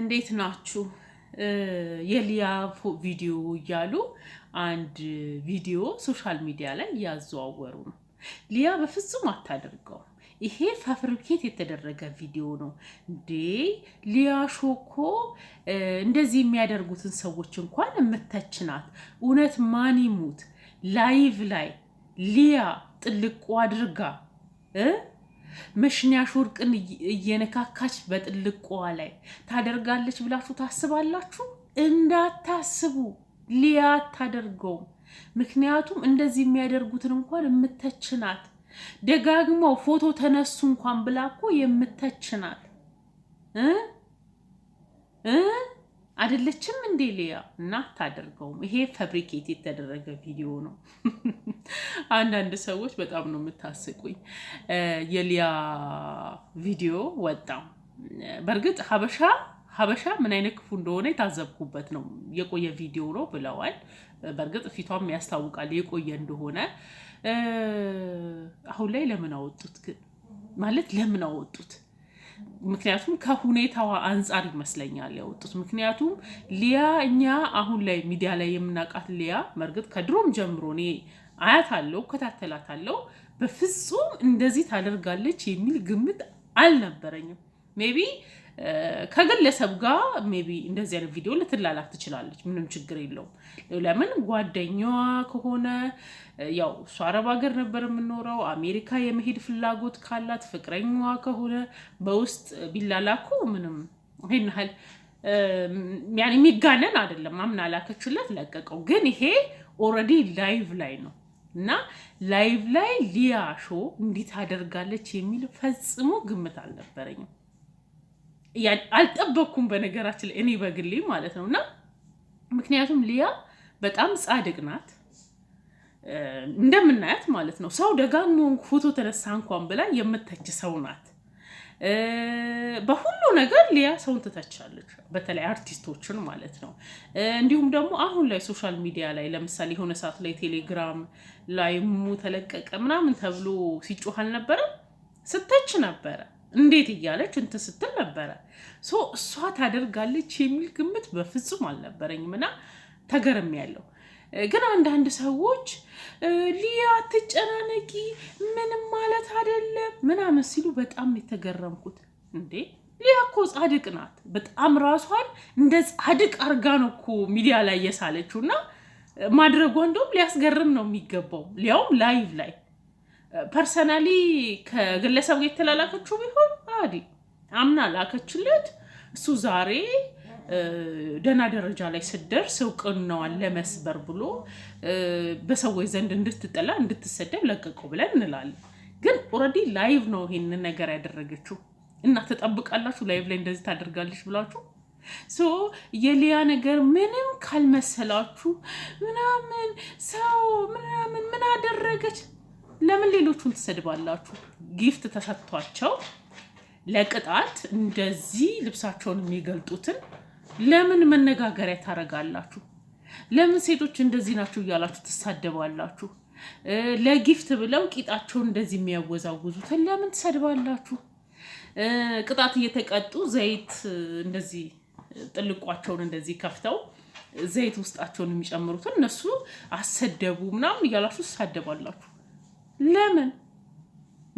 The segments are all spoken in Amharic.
እንዴት ናችሁ የሊያ ቪዲዮ እያሉ አንድ ቪዲዮ ሶሻል ሚዲያ ላይ እያዘዋወሩ ነው። ሊያ በፍጹም አታደርገውም። ይሄ ፋብሪኬት የተደረገ ቪዲዮ ነው እንዴ! ሊያ ሾኮ እንደዚህ የሚያደርጉትን ሰዎች እንኳን የምተችናት እውነት ማን ይሙት ላይቭ ላይ ሊያ ጥልቁ አድርጋ መሽንያሽ ወርቅን እየነካካች በጥልቆዋ ላይ ታደርጋለች ብላችሁ ታስባላችሁ? እንዳታስቡ፣ ሊያ አታደርገውም። ምክንያቱም እንደዚህ የሚያደርጉትን እንኳን የምተችናት ደጋግመው ፎቶ ተነሱ እንኳን ብላ እኮ የምተችናት እ እ አይደለችም እንዴ ሊያ? እና አታደርገውም። ይሄ ፋብሪኬት የተደረገ ቪዲዮ ነው። አንዳንድ ሰዎች በጣም ነው የምታስቁኝ። የሊያ ቪዲዮ ወጣ። በእርግጥ ሀበሻ ሀበሻ ምን አይነት ክፉ እንደሆነ የታዘብኩበት ነው። የቆየ ቪዲዮ ነው ብለዋል። በእርግጥ ፊቷም ያስታውቃል የቆየ እንደሆነ። አሁን ላይ ለምን አወጡት ግን ማለት ለምን አወጡት? ምክንያቱም ከሁኔታዋ አንጻር ይመስለኛል ያወጡት። ምክንያቱም ሊያ እኛ አሁን ላይ ሚዲያ ላይ የምናውቃት ሊያ መርግጥ ከድሮም ጀምሮ እኔ አያታለሁ፣ እከታተላታለሁ። በፍጹም እንደዚህ ታደርጋለች የሚል ግምት አልነበረኝም ሜቢ ከግለሰብ ጋር ሜቢ እንደዚህ አይነት ቪዲዮ ልትላላክ ትችላለች። ምንም ችግር የለውም። ለምን ጓደኛዋ ከሆነ ያው እሱ አረብ ሀገር ነበር የምኖረው። አሜሪካ የመሄድ ፍላጎት ካላት ፍቅረኛዋ ከሆነ በውስጥ ቢላላኩ ምንም ይህን ያህል የሚጋነን አይደለም። አምን አላከችለት ለቀቀው። ግን ይሄ ኦልሬዲ ላይቭ ላይ ነው እና ላይቭ ላይ ሊያሾ እንዴት አደርጋለች የሚል ፈጽሞ ግምት አልነበረኝም። አልጠበቅኩም። በነገራችን ላይ እኔ በግሌ ማለት ነው እና ምክንያቱም ሊያ በጣም ጻድቅ ናት እንደምናያት ማለት ነው። ሰው ደጋግሞ ፎቶ ተነሳ እንኳን ብላ የምተች ሰው ናት። በሁሉ ነገር ሊያ ሰውን ትተቻለች፣ በተለይ አርቲስቶችን ማለት ነው። እንዲሁም ደግሞ አሁን ላይ ሶሻል ሚዲያ ላይ ለምሳሌ የሆነ ሰዓት ላይ ቴሌግራም ላይ ሙ ተለቀቀ ምናምን ተብሎ ሲጮህ አልነበረም? ስተች ነበረ እንዴት እያለች እንትን ስትል ነበረ። ሶ እሷ ታደርጋለች የሚል ግምት በፍጹም አልነበረኝም እና ተገርም ያለው ግን አንዳንድ ሰዎች ሊያ ትጨናነቂ ምንም ማለት አይደለም ምናምን ሲሉ በጣም የተገረምኩት እንዴ ሊያ እኮ ጻድቅ ናት። በጣም ራሷን እንደ ጻድቅ አርጋ ነው እኮ ሚዲያ ላይ የሳለችው እና ማድረጓ እንደውም ሊያስገርም ነው የሚገባው ሊያውም ላይቭ ላይ ፐርሰናሊ ከግለሰብ ጋር የተላላከችው ቢሆን አዲ አምና ላከችለት። እሱ ዛሬ ደህና ደረጃ ላይ ስደርስ እውቅናዋን ለመስበር ብሎ በሰዎች ዘንድ እንድትጠላ እንድትሰደብ ለቀቀው ብለን እንላለን። ግን ኦልሬዲ ላይቭ ነው ይሄንን ነገር ያደረገችው እና ትጠብቃላችሁ? ላይቭ ላይ እንደዚህ ታደርጋለች ብላችሁ ሶ የሊያ ነገር ምንም ካልመሰላችሁ ምናምን ሰው ምናምን ምን አደረገች ለምን ሌሎቹን ትሰድባላችሁ? ጊፍት ተሰጥቷቸው ለቅጣት እንደዚህ ልብሳቸውን የሚገልጡትን ለምን መነጋገሪያ ታደርጋላችሁ? ለምን ሴቶች እንደዚህ ናቸው እያላችሁ ትሳደባላችሁ? ለጊፍት ብለው ቂጣቸውን እንደዚህ የሚያወዛውዙትን ለምን ትሰድባላችሁ? ቅጣት እየተቀጡ ዘይት እንደዚህ ጥልቋቸውን እንደዚህ ከፍተው ዘይት ውስጣቸውን የሚጨምሩትን እነሱ አሰደቡ ምናምን እያላችሁ ትሳደባላችሁ። ለምን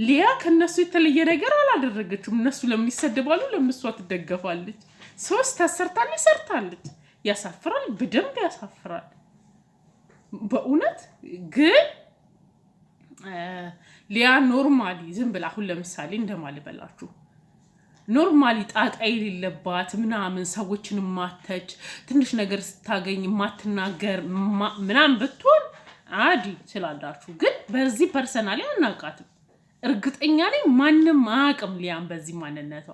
ሊያ ከእነሱ የተለየ ነገር አላደረገችም። እነሱ ለምን ይሰደባሉ? ለምን እሷ ትደገፋለች? ሶስት ታሰርታለች፣ ይሰርታለች። ያሳፍራል፣ በደንብ ያሳፍራል። በእውነት ግን ሊያ ኖርማሊ ዝም ብላ አሁን ለምሳሌ እንደማልበላችሁ ኖርማሊ ጣጣ የሌለባት ምናምን ሰዎችን ማተች ትንሽ ነገር ስታገኝ ማትናገር ምናምን ብትሆን አዲ ስላላችሁ ግን በዚህ ፐርሰናሊ አናውቃትም። እርግጠኛ ላይ ማንም አያውቅም። ሊያም በዚህ ማንነቷ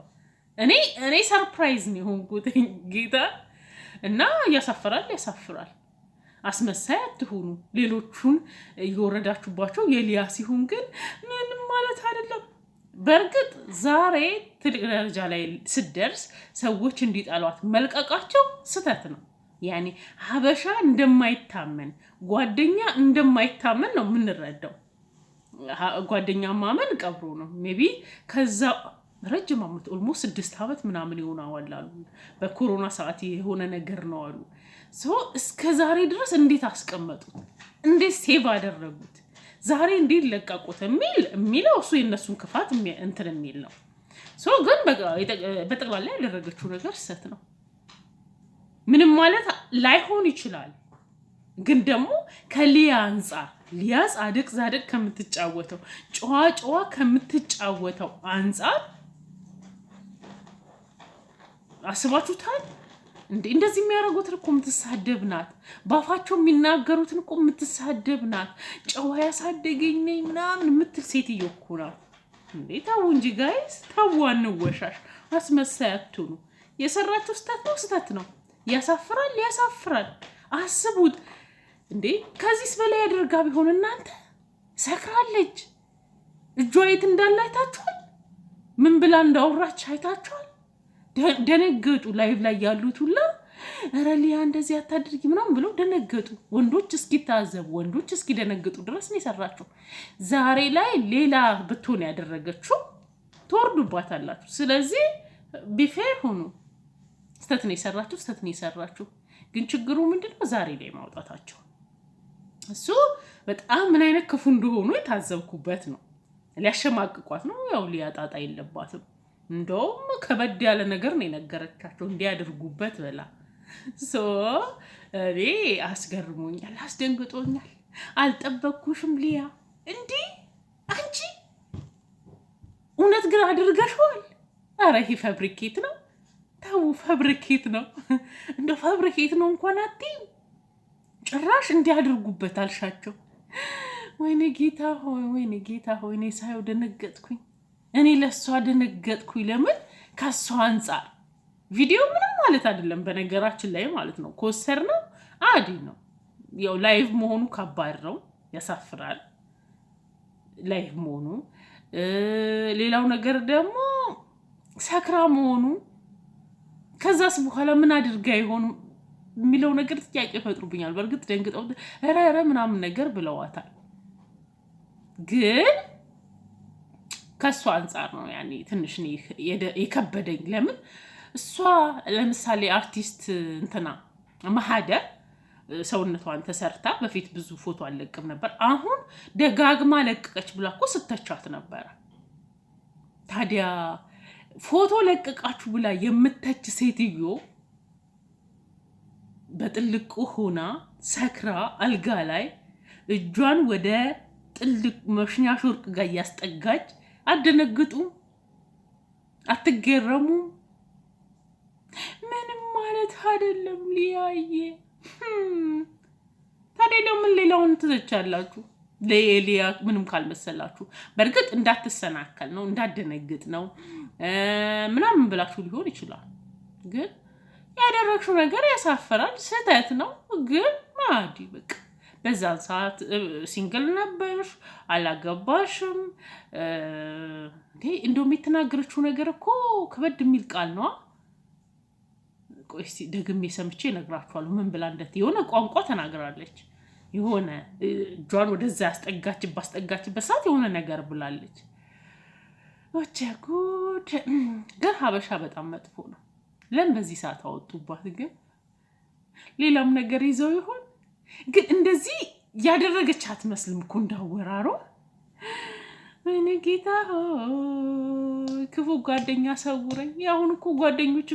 እኔ እኔ ሰርፕራይዝ ነው የሆንኩት ጌታ እና ያሳፍራል፣ ያሳፍራል። አስመሳይ አትሆኑ። ሌሎቹን እየወረዳችሁባቸው የሊያ ሲሆን ግን ምንም ማለት አይደለም። በእርግጥ ዛሬ ትልቅ ደረጃ ላይ ስደርስ ሰዎች እንዲጠሏት መልቀቃቸው ስህተት ነው። ያኔ ሀበሻ እንደማይታመን ጓደኛ እንደማይታመን ነው የምንረዳው። ጓደኛ ማመን ቀብሮ ነው። ሜቢ ከዛ ረጅም ዓመት ኦልሞስት ስድስት ዓመት ምናምን ይሆናል አሉ። በኮሮና ሰዓት የሆነ ነገር ነው አሉ። እስከ ዛሬ ድረስ እንዴት አስቀመጡት? እንዴት ሴቭ አደረጉት? ዛሬ እንዴት ለቀቁት? የሚል የሚለው እሱ የእነሱን ክፋት እንትን የሚል ነው። ግን በጠቅላላ ያደረገችው ነገር ስህተት ነው። ምንም ማለት ላይሆን ይችላል። ግን ደግሞ ከሊያ አንጻር ሊያ ጻድቅ ጻድቅ ከምትጫወተው ጨዋ ጨዋ ከምትጫወተው አንጻር አስባችሁታል እንዴ? እንደዚህ የሚያደርጉትን እኮ የምትሳደብ ናት። ባፋቸው የሚናገሩትን እኮ የምትሳደብ ናት። ጨዋ ያሳደገኝ ነኝ ምናምን የምትል ሴትዮ እኮ ናት። እንዴ ተው እንጂ ጋይስ፣ ተው አንወሻሽ። አስመሳይ አትሁኑ። የሰራችው ስህተት ነው፣ ስህተት ነው። ያሳፍራል፣ ያሳፍራል። አስቡት እንዴ! ከዚህስ በላይ አድርጋ ቢሆን እናንተ ሰክራለች። እጇ የት እንዳለ አይታችኋል? ምን ብላ እንዳወራች አይታችኋል? ደነገጡ። ላይቭ ላይ ያሉት ሁላ እረ ሊያ እንደዚህ አታድርጊ ምናምን ብለው ደነገጡ። ወንዶች እስኪታዘቡ ወንዶች ደነገጡ ድረስ ነው የሰራችው። ዛሬ ላይ ሌላ ብትሆን ያደረገችው ትወርዱባታላችሁ። ስለዚህ ቢፌር ሆኑ። ስተት ነው የሰራችሁ፣ ስተት ነው የሰራችሁ። ግን ችግሩ ምንድነው ዛሬ ላይ ማውጣታቸው እሱ በጣም ምን አይነት ክፉ እንደሆኑ የታዘብኩበት ነው። ሊያሸማቅቋት ነው ያው ሊያጣጣ የለባትም። እንደውም ከበድ ያለ ነገር ነው የነገረቻቸው እንዲያደርጉበት ብላ ሶ እኔ አስገርሞኛል፣ አስደንግጦኛል። አልጠበቅኩሽም ሊያ፣ እንዲህ አንቺ እውነት ግን አድርገሽዋል። አረ ይሄ ፋብሪኬት ነው ፈብሪኬት ነው እንደ ፈብሪኬት ነው እንኳን አቲ ጭራሽ እንዲያደርጉበት አልሻቸው። ወይኔ ጌታ ሆይ፣ ወይኔ ጌታ ሆይ፣ እኔ ሳየው ደነገጥኩኝ። እኔ ለእሷ ደነገጥኩኝ። ለምን ከእሷ አንጻር ቪዲዮ ምንም ማለት አይደለም፣ በነገራችን ላይ ማለት ነው። ኮስተር ነው አዲ ነው። ያው ላይቭ መሆኑ ከባድ ነው፣ ያሳፍራል ላይቭ መሆኑ። ሌላው ነገር ደግሞ ሰክራ መሆኑ ከዛስ በኋላ ምን አድርጋ ይሆን የሚለው ነገር ጥያቄ ይፈጥሩብኛል። በእርግጥ ደንግጠው ረረ ምናምን ነገር ብለዋታል። ግን ከእሷ አንጻር ነው ያኔ ትንሽ የከበደኝ። ለምን እሷ ለምሳሌ አርቲስት እንትና ማህደር ሰውነቷን ተሰርታ በፊት ብዙ ፎቶ አለቅም ነበር፣ አሁን ደጋግማ ለቀቀች ብላ እኮ ስተቻት ነበረ ታዲያ ፎቶ ለቀቃችሁ ብላ የምተች ሴትዮ በጥልቁ ሆና ሰክራ አልጋ ላይ እጇን ወደ ጥልቅ መሽኛ ሾርቅ ጋር እያስጠጋች አደነግጡም? አትገረሙም? ምንም ማለት አይደለም ሊያየ። ታዲያ ለምን ሌላውን ትዘቻላችሁ? ምንም ካልመሰላችሁ፣ በእርግጥ እንዳትሰናከል ነው፣ እንዳደነግጥ ነው ምናምን ብላችሁ ሊሆን ይችላል። ግን ያደረግሽው ነገር ያሳፈራል፣ ስህተት ነው። ግን ማዲ በቃ በዛን ሰዓት ሲንግል ነበርሽ፣ አላገባሽም። እንደውም የተናገረችው ነገር እኮ ከበድ የሚል ቃል ነዋ። ቆይ እስኪ ደግሜ ሰምቼ እነግራችኋለሁ ምን ብላ እንደት የሆነ ቋንቋ ተናግራለች። የሆነ እጇን ወደዛ ያስጠጋች ባስጠጋችበት ሰዓት የሆነ ነገር ብላለች። ወቸጉ ውድ ግን ሀበሻ በጣም መጥፎ ነው። ለም በዚህ ሰዓት አወጡባት። ግን ሌላም ነገር ይዘው ይሆን? ግን እንደዚህ ያደረገች አትመስልም እኮ እንዳወራሯ። ወይኔ ጌታ ክፉ ጓደኛ ሰውረኝ። አሁን እኮ ጓደኞች